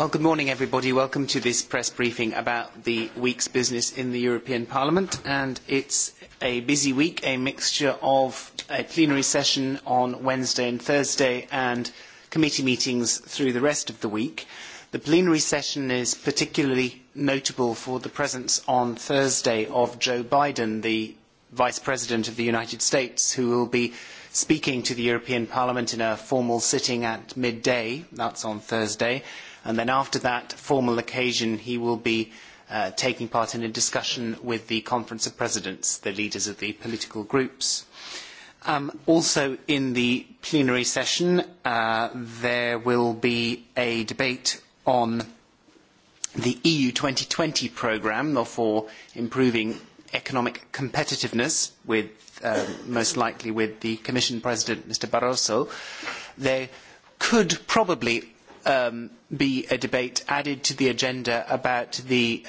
Well, good morning, everybody. Welcome to this press briefing about the week's business in the European Parliament. And it's a busy week, a mixture of a plenary session on Wednesday and Thursday and committee meetings through the rest of the week. The plenary session is particularly notable for the presence on Thursday of Joe Biden, the Vice President of the United States, who will be speaking to the European Parliament in a formal sitting at midday. That's on Thursday And then after that formal occasion, he will be taking part in a discussion with the Conference of Presidents, the leaders of the political groups. also in the plenary session, there will be a debate on the EU twenty programme for improving economic competitiveness with most likely with the Commission President, Mr. Barroso. There could probably be a debate added to the agenda about the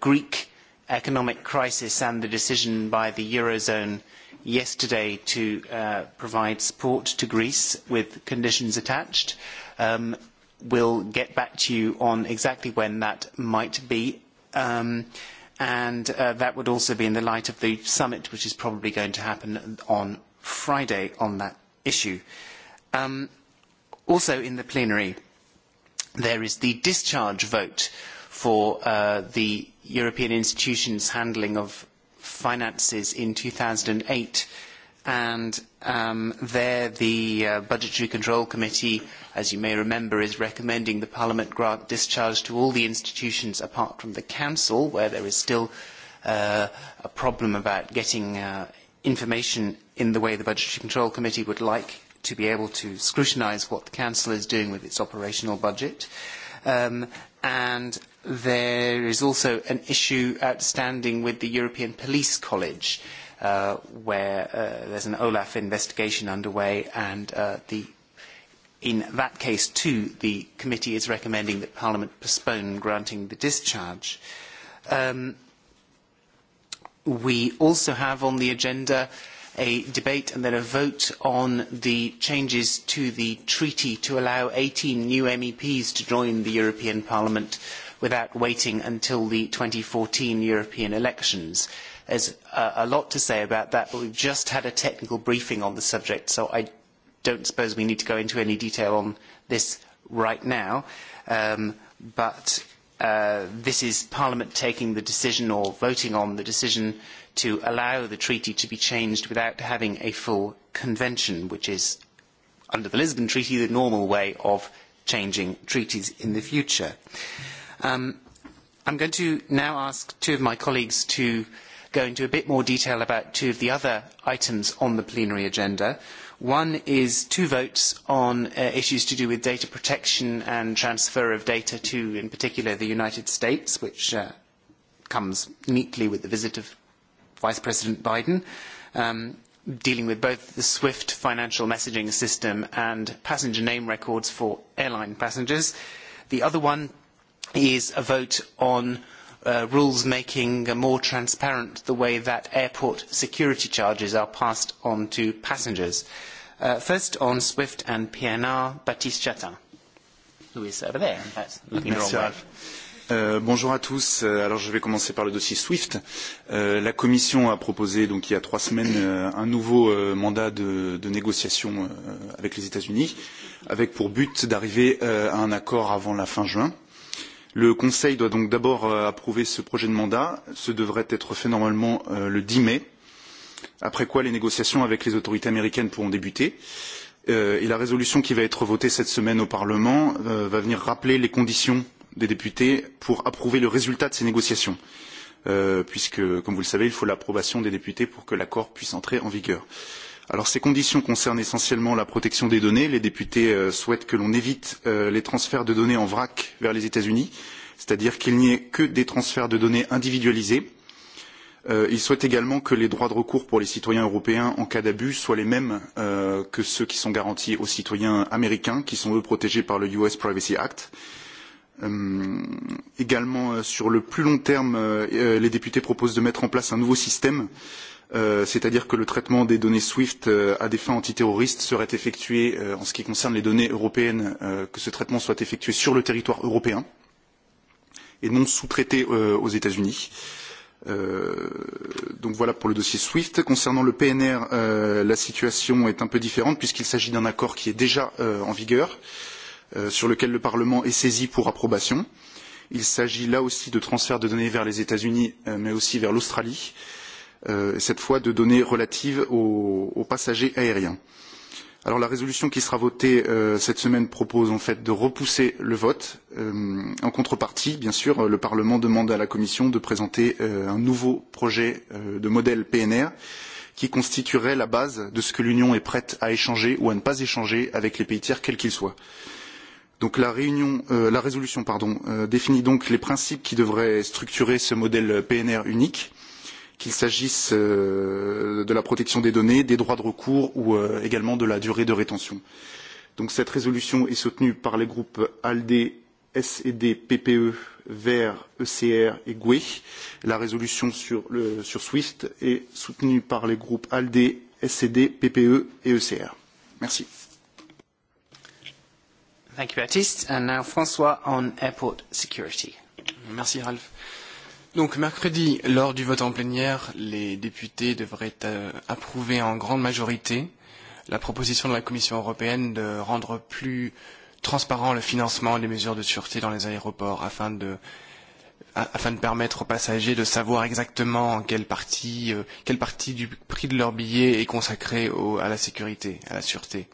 Greek economic crisis and the decision by the Eurozone yesterday to provide support to Greece with conditions attached. Um, we'll get back to you on exactly when that might be. and that would also be in the light of the summit, which is probably going to happen on Friday on that issue. also in the plenary, there is the discharge vote for uh, the European institutions handling of finances in 2008 and um, there the uh, Budgetary Control Committee, as you may remember, is recommending the Parliament grant discharge to all the institutions apart from the Council, where there is still uh, a problem about getting uh, information in the way the Budgetary Control Committee would like to be able to scrutinise what the council is doing with its operational budget. Um, and there is also an issue outstanding with the European Police College, uh, where uh, there's an OLAF investigation underway, and uh, the in that case, too, the committee is recommending that Parliament postpone granting the discharge. Um, we also have on the agenda uh, a debate and then a vote on the changes to the treaty to allow 18 new MEPs to join the European Parliament without waiting until the fourteen European elections. There is a lot to say about that, but we have just had a technical briefing on the subject, so I don't suppose we need to go into any detail on this right now. but this is Parliament taking the decision or voting on the decision to allow the treaty to be changed without having a full convention, which is, under the Lisbon Treaty, the normal way of changing treaties in the future. Um, I'm going to now ask two of my colleagues to go into a bit more detail about two of the other items on the plenary agenda. One is two votes on issues to do with data protection and transfer of data to, in particular, the United States, which comes neatly with the visit of Vice President Biden, dealing with both the SWIFT financial messaging system and passenger name records for airline passengers. The other one is a vote on rules making more transparent the way that airport security charges are passed on to passengers. first on SWIFT and PNR, Baptiste Chatin, who is over there, in fact, looking the wrong way bonjour à tous. Alors je vais commencer par le dossier SWIFT. la Commission a proposé donc il y a trois semaines un nouveau mandat de, négociation avec les États-Unis, avec pour but d'arriver à un accord avant la fin juin Le Conseil doit donc d'abord approuver ce projet de mandat. Ce devrait être fait normalement le dix mai, après quoi les négociations avec les autorités américaines pourront débuter. et la résolution qui va être votée cette semaine au Parlement va venir rappeler les conditions des députés pour approuver le résultat de ces négociations, puisque, comme vous le savez, il faut l'approbation des députés pour que l'accord puisse entrer en vigueur. Alors ces conditions concernent essentiellement la protection des données. Les députés souhaitent que l'on évite les transferts de données en vrac vers les États-Unis, c'est-à-dire qu'il n'y ait que des transferts de données individualisés. ils souhaitent également que les droits de recours pour les citoyens européens en cas d'abus soient les mêmes que ceux qui sont garantis aux citoyens américains, qui sont eux protégés par le US Privacy Act. également sur le plus long terme, les députés proposent de mettre en place un nouveau système euh, c'est-à-dire que le traitement des données SWIFT à des fins antiterroristes serait effectué, en ce qui concerne les données européennes, que ce traitement soit effectué sur le territoire européen et non sous-traité aux États-Unis. donc voilà pour le dossier SWIFT. Concernant le PNR, la situation est un peu différente puisqu'il s'agit d'un accord qui est déjà en vigueur, sur lequel le Parlement est saisi pour approbation. Il s'agit là aussi de transferts de données vers les États-Unis, mais aussi vers l'Australie. Euh, cette fois de données relatives aux, passagers aériens. Alors la résolution qui sera votée cette semaine propose en fait de repousser le vote. en contrepartie, bien sûr, le Parlement demande à la Commission de présenter un nouveau projet de modèle PNR qui constituerait la base de ce que l'Union est prête à échanger ou à ne pas échanger avec les pays tiers, quels qu'ils soient. Donc la, résolution définit donc les principes qui devraient structurer ce modèle PNR unique qu'il s'agisse de la protection des données, des droits de recours ou également de la durée de rétention. Donc cette résolution est soutenue par les groupes ALDE, S&D, PPE, Verts, ECR et GUE. La résolution sur, SWIFT est soutenue par les groupes ALDE, S&D, PPE et ECR. Merci. Thank you, Baptiste. And now François on airport security. Merci, Ralph. Donc mercredi, lors du vote en plénière, les députés devraient euh, approuver en grande majorité la proposition de la Commission européenne de rendre plus transparent le financement des mesures de sûreté dans les aéroports afin de afin de permettre aux passagers de savoir exactement quelle partie, euh, quelle partie du prix de leur billet est consacrée au, à la sécurité, à la sûreté.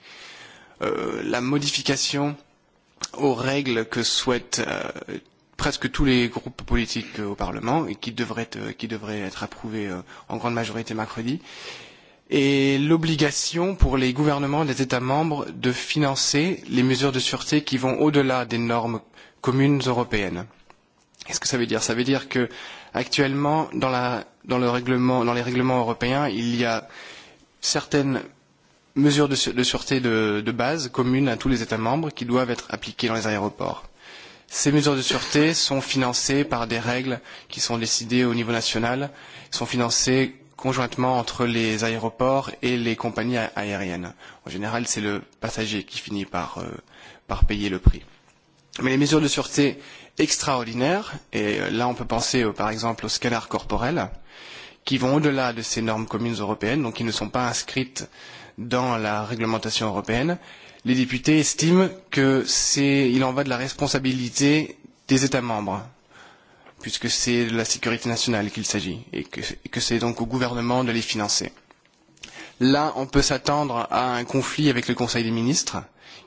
Euh, la modification aux règles que souhaite euh, presque tous les groupes politiques au Parlement et qui devrait, qui devrait être approuvé en grande majorité mercredi. Et l'obligation pour les gouvernements des États membres de financer les mesures de sûreté qui vont au-delà des normes communes européennes. Qu'est-ce que ça veut dire Ça veut dire que actuellement, dans, la, dans, le règlement, dans les règlements européens, il y a certaines mesures de, de sûreté de, de base communes à tous les États membres qui doivent être appliquées dans les aéroports. Ces mesures de sûreté sont financées par des règles qui sont décidées au niveau national, sont financées conjointement entre les aéroports et les compagnies aériennes. En général, c'est le passager qui finit par, euh, par payer le prix. Mais les mesures de sûreté extraordinaires, et là on peut penser euh, par exemple au scanner corporel, qui vont au-delà de ces normes communes européennes, donc qui ne sont pas inscrites dans la réglementation européenne, les députés estiment qu'il en va de la responsabilité des États membres, puisque c'est de la sécurité nationale qu'il s'agit, et que c'est donc au gouvernement de les financer. Là, on peut s'attendre à un conflit avec le Conseil des ministres,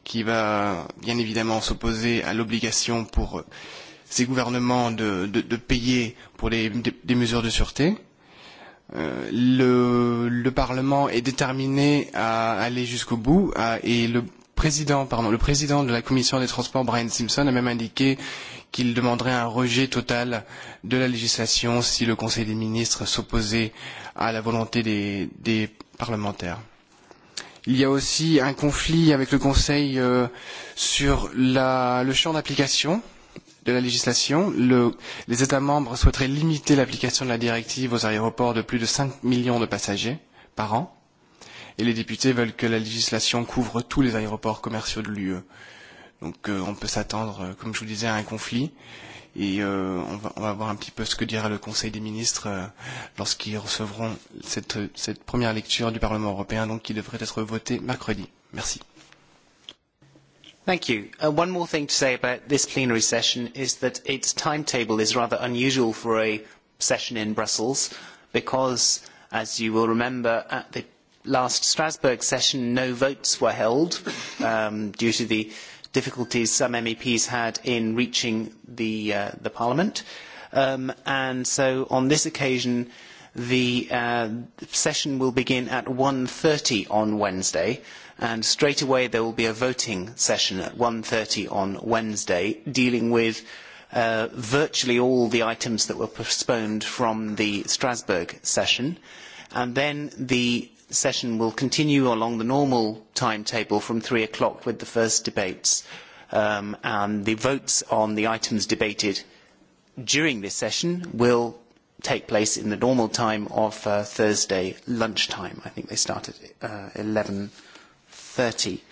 qui va bien évidemment s'opposer à l'obligation pour ces gouvernements de, de, de payer pour les, des, des mesures de sûreté. Euh, le, le Parlement est déterminé à aller jusqu'au bout à, et le président, pardon, le président de la commission des transports, Brian Simpson, a même indiqué qu'il demanderait un rejet total de la législation si le Conseil des ministres s'opposait à la volonté des, des parlementaires. Il y a aussi un conflit avec le Conseil euh, sur la, le champ d'application de la législation. Le, les États membres souhaiteraient limiter l'application de la directive aux aéroports de plus de 5 millions de passagers par an et les députés veulent que la législation couvre tous les aéroports commerciaux de l'UE. Donc euh, on peut s'attendre, euh, comme je vous disais, à un conflit. Et euh, on, va, on va voir un petit peu ce que dira le Conseil des ministres euh, lorsqu'ils recevront cette, cette première lecture du Parlement européen, donc qui devrait être votée mercredi. Merci. Thank you. Uh, one more thing to say about this plenary session is that its timetable is rather unusual for a session in Brussels because, as you will remember, at the last Strasbourg session, no votes were held due to the difficulties some MEPs had in reaching the, Parliament. and so on this occasion, the session will begin at one thirty on Wednesday, and straight away there will be a voting session at one thirty on Wednesday dealing with virtually all the items that were postponed from the Strasbourg session. And then the session will continue along the normal timetable from three o'clock with the first debates. and the votes on the items debated during this session will take place in the normal time of Thursday lunchtime. I think they start at eleven thirty.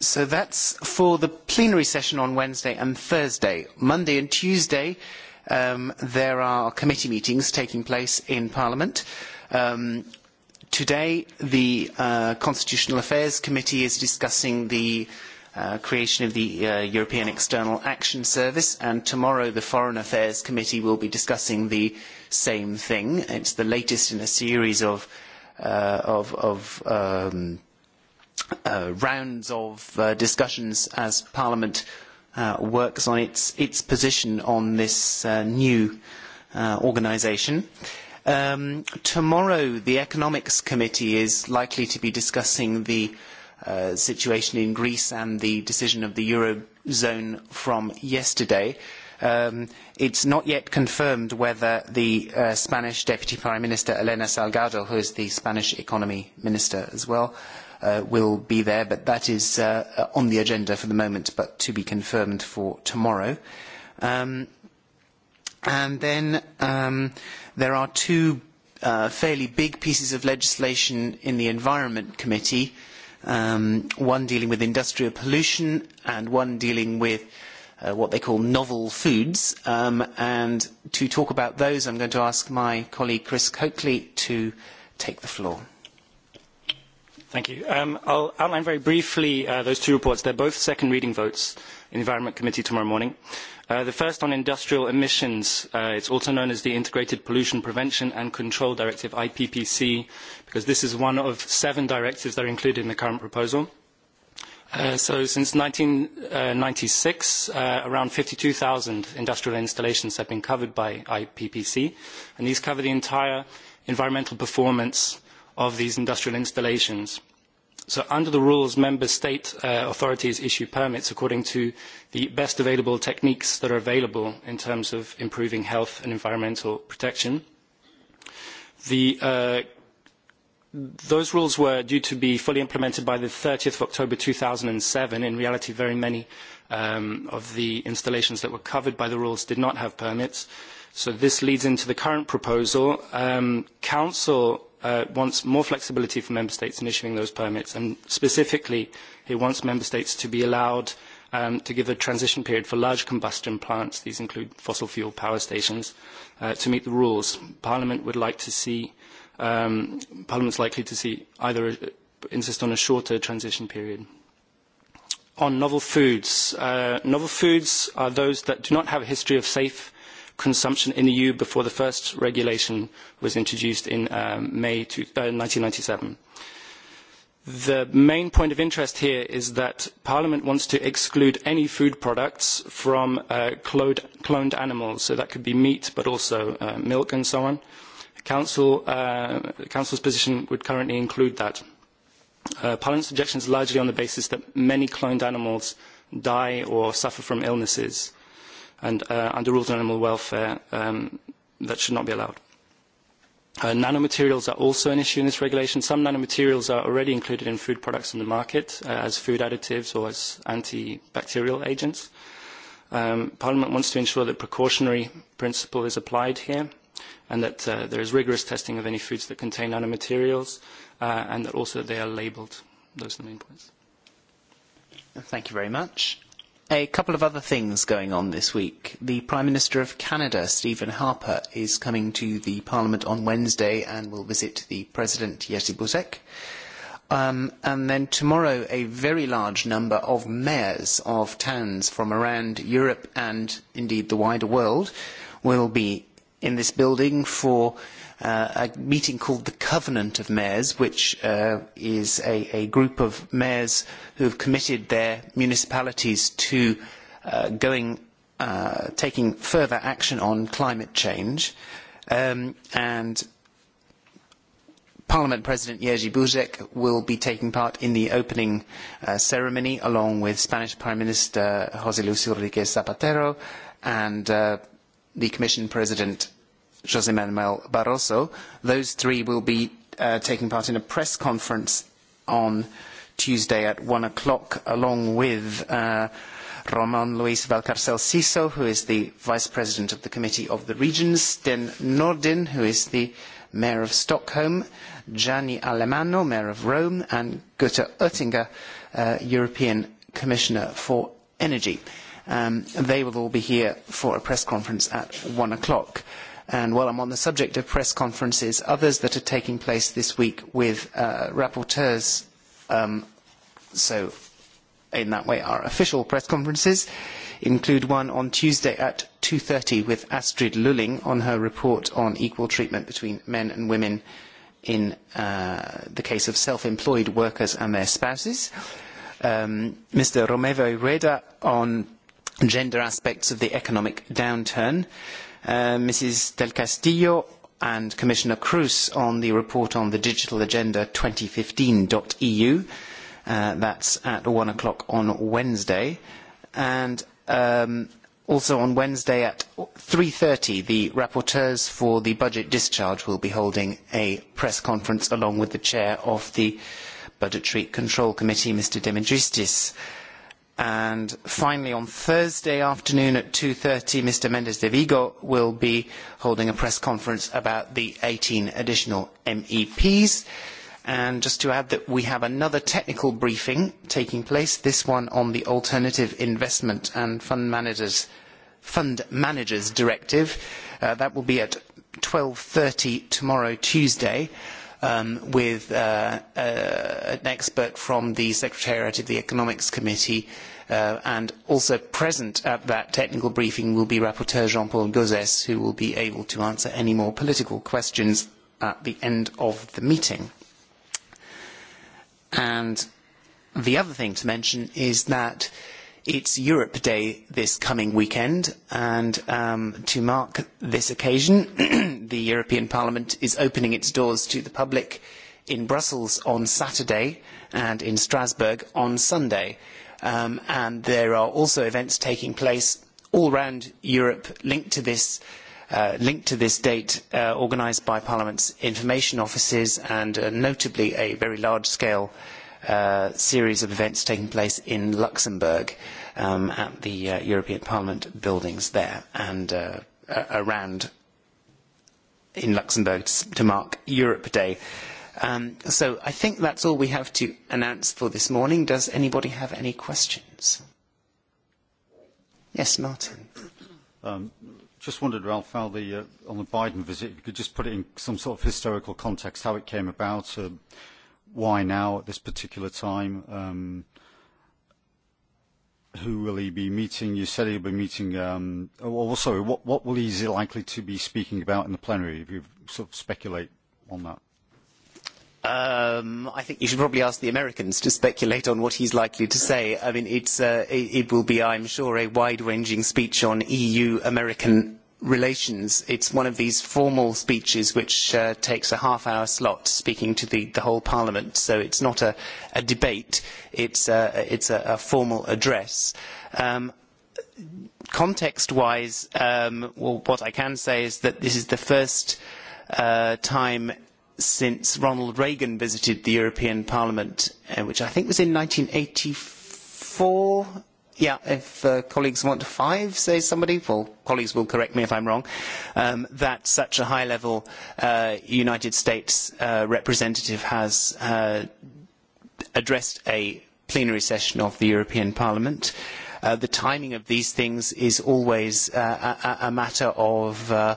so that's for the plenary session on Wednesday and Thursday. Monday and Tuesday, there are committee meetings taking place in Parliament today, the Constitutional Affairs Committee is discussing the creation of the European External Action Service, and tomorrow the Foreign Affairs Committee will be discussing the same thing. It's the latest in a series of, rounds of discussions as Parliament works on its, position on this new organisation. Uh, tomorrow, the Economics Committee is likely to be discussing the situation in Greece and the decision of the Eurozone from yesterday. It is not yet confirmed whether the Spanish Deputy Prime Minister, Elena Salgado, who is the Spanish Economy Minister as well, will be there, but that is on the agenda for the moment, but to be confirmed for tomorrow. and then There are two uh, fairly big pieces of legislation in the Environment Committee, um, one dealing with industrial pollution and one dealing with uh, what they call novel foods. Um, and to talk about those, I'm going to ask my colleague Chris Coakley to take the floor. Thank you. Um, I'll outline very briefly uh, those two reports. They're both second reading votes in the Environment Committee tomorrow morning the first on industrial emissions. It is also known as the Integrated Pollution Prevention and Control Directive, IPPC, because this is one of seven directives that are included in the current proposal. So since ninety six, around fifty two 52,000 industrial installations have been covered by IPPC, and these cover the entire environmental performance of these industrial installations. So under the rules, member state authorities issue permits according to the best available techniques that are available in terms of improving health and environmental protection. those rules were due to be fully implemented by the 30th of October seven. In reality, very many of the installations that were covered by the rules did not have permits. So this leads into the current proposal. Council wants more flexibility for member states in issuing those permits, and specifically, he wants member states to be allowed to give a transition period for large combustion plants, these include fossil fuel power stations, to meet the rules. Parliament would like to see, um, Parliament's likely to see either insist on a shorter transition period. On novel foods, novel foods are those that do not have a history of safe consumption in the EU before the first regulation was introduced in um, May to, uh, 1997. The main point of interest here is that Parliament wants to exclude any food products from uh, cloned, cloned animals, so that could be meat but also uh, milk and so on. Council, uh, Council's position would currently include that. Uh, Parliament's objection is largely on the basis that many cloned animals die or suffer from illnesses. Uh, and, uh, under rules on animal welfare um, that should not be allowed. Uh, nanomaterials are also an issue in this regulation. Some nanomaterials are already included in food products on the market uh, as food additives or as antibacterial agents. Um, Parliament wants to ensure that precautionary principle is applied here and that uh, there is rigorous testing of any foods that contain nanomaterials uh, and that also they are labelled. Those are the main points. Thank you very much. A couple of other things going on this week. The Prime Minister of Canada, Stephen Harper, is coming to the Parliament on Wednesday and will visit the President, Jerzy Buzek. Um, and then tomorrow, a very large number of mayors of towns from around Europe and indeed the wider world will be in this building for a meeting called the Covenant of Mayors, which uh, is a, a group of mayors who have committed their municipalities to uh, going, uh, taking further action on climate change. Um, and Parliament President Jerzy Buzek will be taking part in the opening uh, ceremony along with Spanish Prime Minister José Luis Rodríguez Zapatero and uh, the Commission President José Manuel Barroso. Those three will be taking part in a press conference on Tuesday at one o'clock, along with Ramon Luis Valcarcel Siso, who is the Vice President of the Committee of the Regions, Sten Nordin, who is the Mayor of Stockholm, Gianni Alemano, Mayor of Rome, and Goethe Oettinger, European Commissioner for Energy. they will all be here for a press conference at one o'clock. And while I'm on the subject of press conferences, others that are taking place this week with uh, rapporteurs, um, so in that way our official press conferences, include one on Tuesday at 2.30 with Astrid Lulling on her report on equal treatment between men and women in uh, the case of self-employed workers and their spouses. Um, Mr. Romevo Reda on gender aspects of the economic downturn. Uh, Mrs. Del Castillo and Commissioner Kroes on the report on the Digital Agenda 2015.eu. Uh, that's at one o'clock on Wednesday. And also on Wednesday at three thirty, the rapporteurs for the budget discharge will be holding a press conference along with the chair of the Budgetary Control Committee, Mr. Demetristis. Uh, And finally, on Thursday afternoon at two thirty, Mr. Mendes de Vigo will be holding a press conference about the eighteen additional MEPs. And just to add that we have another technical briefing taking place, this one on the Alternative Investment and Fund Managers, Fund Managers Directive. that will be at twelve thirty tomorrow, Tuesday with an expert from the Secretariat of the Economics Committee. and also present at that technical briefing will be Rapporteur Jean-Paul Gauzès, who will be able to answer any more political questions at the end of the meeting. And the other thing to mention is that uh, It's Europe Day this coming weekend, and um, to mark this occasion, the European Parliament is opening its doors to the public in Brussels on Saturday and in Strasbourg on Sunday. Um, and there are also events taking place all around Europe linked to this uh, linked to this date uh, organised by Parliament's information offices and uh, notably a very large-scale uh, series of events taking place in Luxembourg um, at the uh, European Parliament buildings there and uh, around in Luxembourg to mark Europe Day. Um, so I think that's all we have to announce for this morning. Does anybody have any questions? Yes, Martin. Um, just wondered, Ralph, how the, uh, on the Biden visit, if you could just put it in some sort of historical context, how it came about. Uh, why now at this particular time? Um, who will he be meeting? You said he'll be meeting. Um, oh, well, sorry, what, what will he likely to be speaking about in the plenary? If you sort of speculate on that. Um, I think you should probably ask the Americans to speculate on what he's likely to say. I mean, it's, uh, it, it will be, I'm sure, a wide-ranging speech on EU-American relations. It's one of these formal speeches which uh, takes a half hour slot speaking to the, the whole parliament. So it's not a, a debate, it's a, it's a, a formal address. Um, context wise, um, well, what I can say is that this is the first uh, time since Ronald Reagan visited the European Parliament, uh, which I think was in 1984 yeah, if uh, colleagues want five, say somebody, well, colleagues will correct me if I'm wrong, um, that such a high-level uh, United States uh, representative has uh, addressed a plenary session of the European Parliament. Uh, the timing of these things is always uh, a, a matter of uh,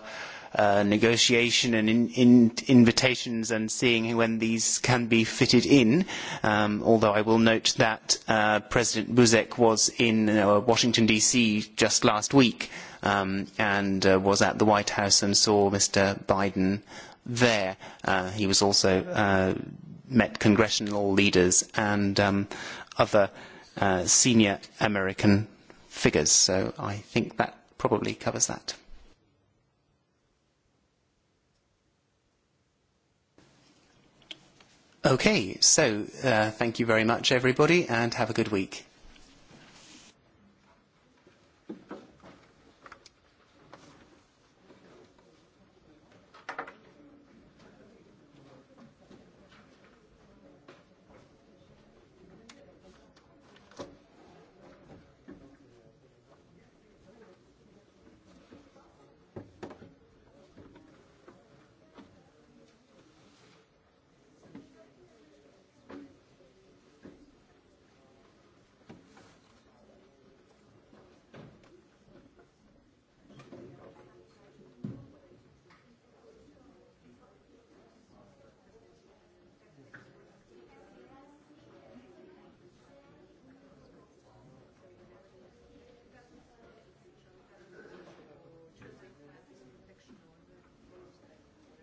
negotiation and in, in invitations and seeing when these can be fitted in. Um, although I will note that uh, President Buzek was in uh, Washington DC just last week um, and uh, was at the White House and saw Mr. Biden there. Uh, he was also uh, met congressional leaders and um, other uh, senior American figures. So I think that probably covers that. Okay, so uh, thank you very much, everybody, and have a good week.